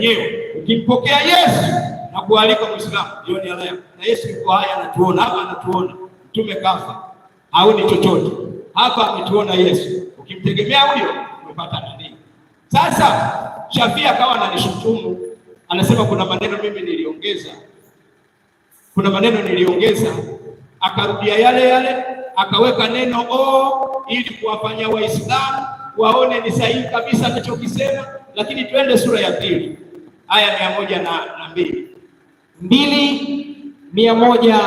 yenyewe. Ukimpokea Yesu na kualika Muislamu jioni ya leo, na Yesu yuko haya, anatuona hapa, anatuona mtume kafa au ni chochote hapa, ametuona Yesu. Ukimtegemea huyo umepata nani? Sasa Shafii akawa ananishutumu, anasema kuna maneno mimi niliongeza, kuna maneno niliongeza, akarudia yale yale, akaweka neno o ili kuwafanya Waislamu waone ni sahihi kabisa anachokisema, lakini twende sura ya pili aya mia moja na mbili mbili mia moja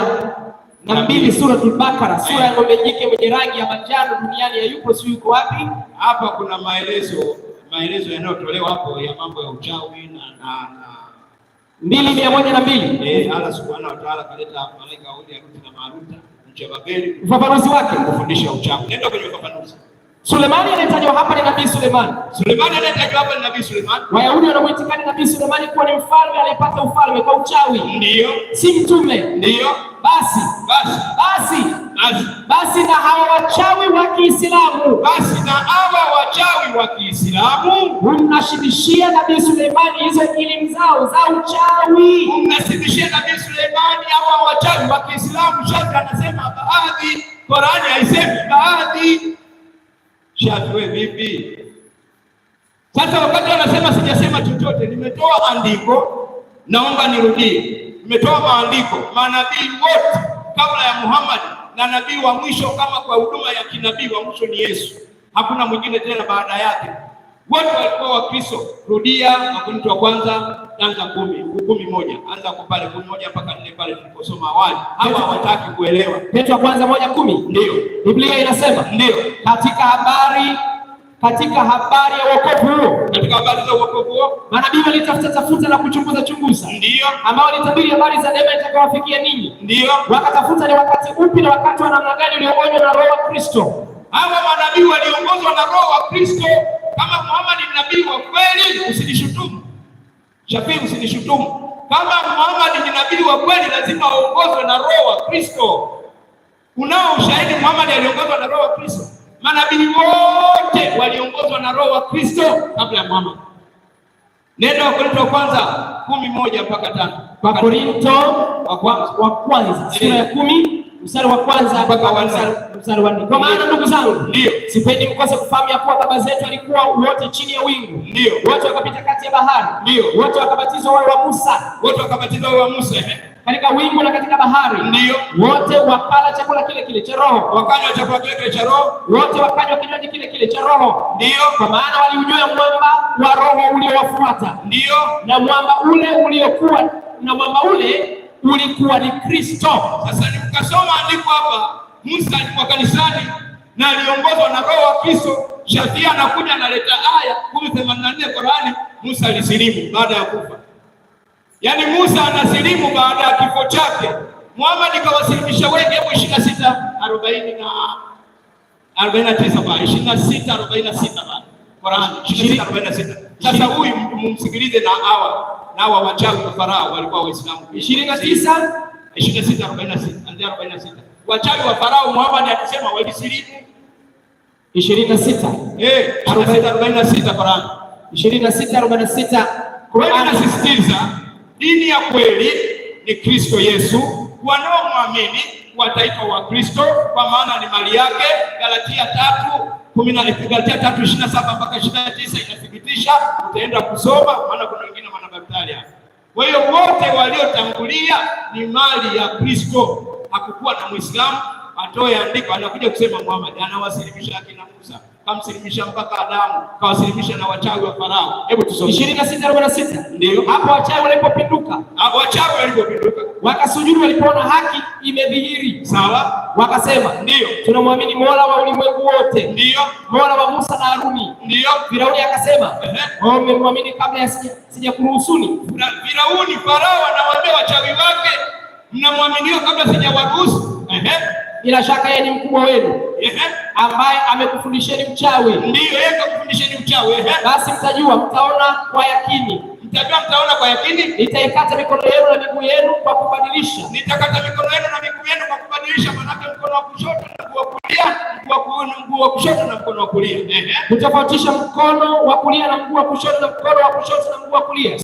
na mbili Suratul Bakara, sura ya ng'ombe jike mwenye rangi ya manjano duniani hayupo, si yuko wapi? Hapa kuna maelezo maelezo yanayotolewa hapo ya mambo ya uchawi na na mbili mia moja na mbili eh, Allah subhanahu wa ta'ala kaleta malaika wa Haruta na Maruta Babeli, ufafanuzi wake kufundisha uchawi. Nenda kwenye ufafanuzi Sulemani anayetajwa hapa ni nabii Sulemani. Sulemani anayetajwa hapa ni nabii Sulemani. Wayahudi wanamwitikani nabii Sulemani kuwa ni mfalme aliyepata ufalme kwa uchawi. Ndio. Si mtume. Ndio. Basi. Basi. Basi. Basi. Basi na hawa wachawi wa Kiislamu. Basi na hawa wachawi wa Kiislamu mnashibishia nabii Sulemani hizo elimu zao za uchawi. Mnashibishia nabii Sulemani hawa wachawi wa Kiislamu. Shaka anasema baadhi, Qur'ani haisemi baadhi shatwe vipi? Sasa wakati wanasema sijasema chochote, nimetoa andiko, naomba nirudie. Nimetoa maandiko, manabii wote kabla ya Muhammad na nabii wa mwisho, kama kwa huduma ya kinabii wa mwisho ni Yesu, hakuna mwingine tena baada yake. Wote walikuwa Wakristo. Rudia Wakorintho wa kwanza anza kumi kumi moja anza kwa pale kumi moja mpaka nne pale tulikosoma awali. Hawa hawataki kuelewa. Petro kwanza moja kumi ndio Biblia inasema ndio, katika habari katika habari ya wokovu huo, katika habari za wokovu huo, manabii walitafuta tafuta na kuchunguza chunguza, ndio ambao walitabiri habari za neema itakayowafikia ninyi, ndio wakatafuta ni wakati upi na wakati wa namna gani ulioongozwa na Roho wa Kristo. Hawa manabii waliongozwa na Roho wa Kristo. Kama Muhammad ni nabii wa kweli, usijishutumu cha pili, usinishutumu. Kama Muhammad ni nabii wa kweli, lazima aongozwe na roho wa Kristo. Unao ushahidi Muhammad aliongozwa na roho wa Kristo? Manabii wote waliongozwa na roho wa Kristo kabla ya Muhammad. Nenda Wakorintho wa kwanza kumi moja mpaka tano. Korinto wa kwanza sura ya kumi Mstari wa kwanza mstari wa nne. Kwa maana ndugu zangu, ndio sipendi mkose kufahamu ya kuwa baba zetu walikuwa wote chini ya wingu, ndio wote wakapita kati ya bahari, ndio wote wakabatizwa wao wa Musa, wote wakabatizwa wao wa Musa eh. katika wingu na katika bahari, ndio wote wakala chakula kile kile cha roho, wakanywa chakula kile kile cha roho, wote wakanywa kinywaji kile kile cha roho, ndio kwa maana waliujua mwamba wa roho uliowafuata, ndio na mwamba ule uliokuwa na mwamba ule ulikuwa ni Kristo. Sasa nikasoma andiko hapa, Musa alikuwa kanisani na aliongozwa na roho wa Kristo. Shafia anakuja analeta aya 184 Qurani, Musa alisilimu baada ya kufa. Yaani Musa anasilimu baada ya kifo chake. Muhammad kawasilimisha wengi hapo 26 40 na 49 ba 26 46 ba Qurani 26 46. Sasa huyu mtu mumsikilize na hawa na wa wa Farao walikuwa Waislamu. 29 26 46 46. Wachagu wa Farao Muhammad alisema walisilimu 26 eh 46 Farao 26 46. Qur'an inasisitiza dini ya kweli ni Kristo Yesu, wanaomwamini wataitwa wa Kristo kwa maana ni mali yake. Galatia 3 Galatia 3:27 mpaka 29 inathibitisha, utaenda kusoma maana kuna wengine hospitali hapa. Kwa hiyo wote waliotangulia ni mali ya Kristo. Hakukuwa na Muislamu atoe andiko anakuja kusema Muhammad anawasilimisha akina Musa, kamsilimisha mpaka Adamu, kawasilimisha na wachawi wa Farao. Hebu tusome 26:46. Ndio hapo wachawi walipopinduka, hapo wachawi walipopinduka wakasujudu walipoona haki imedhihiri. Sawa, wakasema ndio tunamwamini Mola wa ulimwengu wote, ndio Mola wa Musa na Haruni ndio. Firauni akasema, "Wewe umemwamini oh, kabla sijakuruhusuni." Firauni Farao na wale wachawi wake mnamwamini kabla sijawaruhusu. Ehe. Bila shaka yeye ni mkubwa wenu. Ambaye amekufundisheni mchawi. Ndio, yeye akakufundisheni uchawi. Basi mtajua, mtaona kwa yakini. Mtajua, mtaona kwa yakini. Nitaikata mikono yenu na miguu yenu kwa kubadilisha. Nitakata mikono yenu na miguu yenu kwa kubadilisha, maana mkono wa kushoto mkono mguu wa kushoto na mkono wa kulia, kutofautisha mkono wa kulia na mguu wa kushoto na mkono wa kushoto na mguu wa kulia.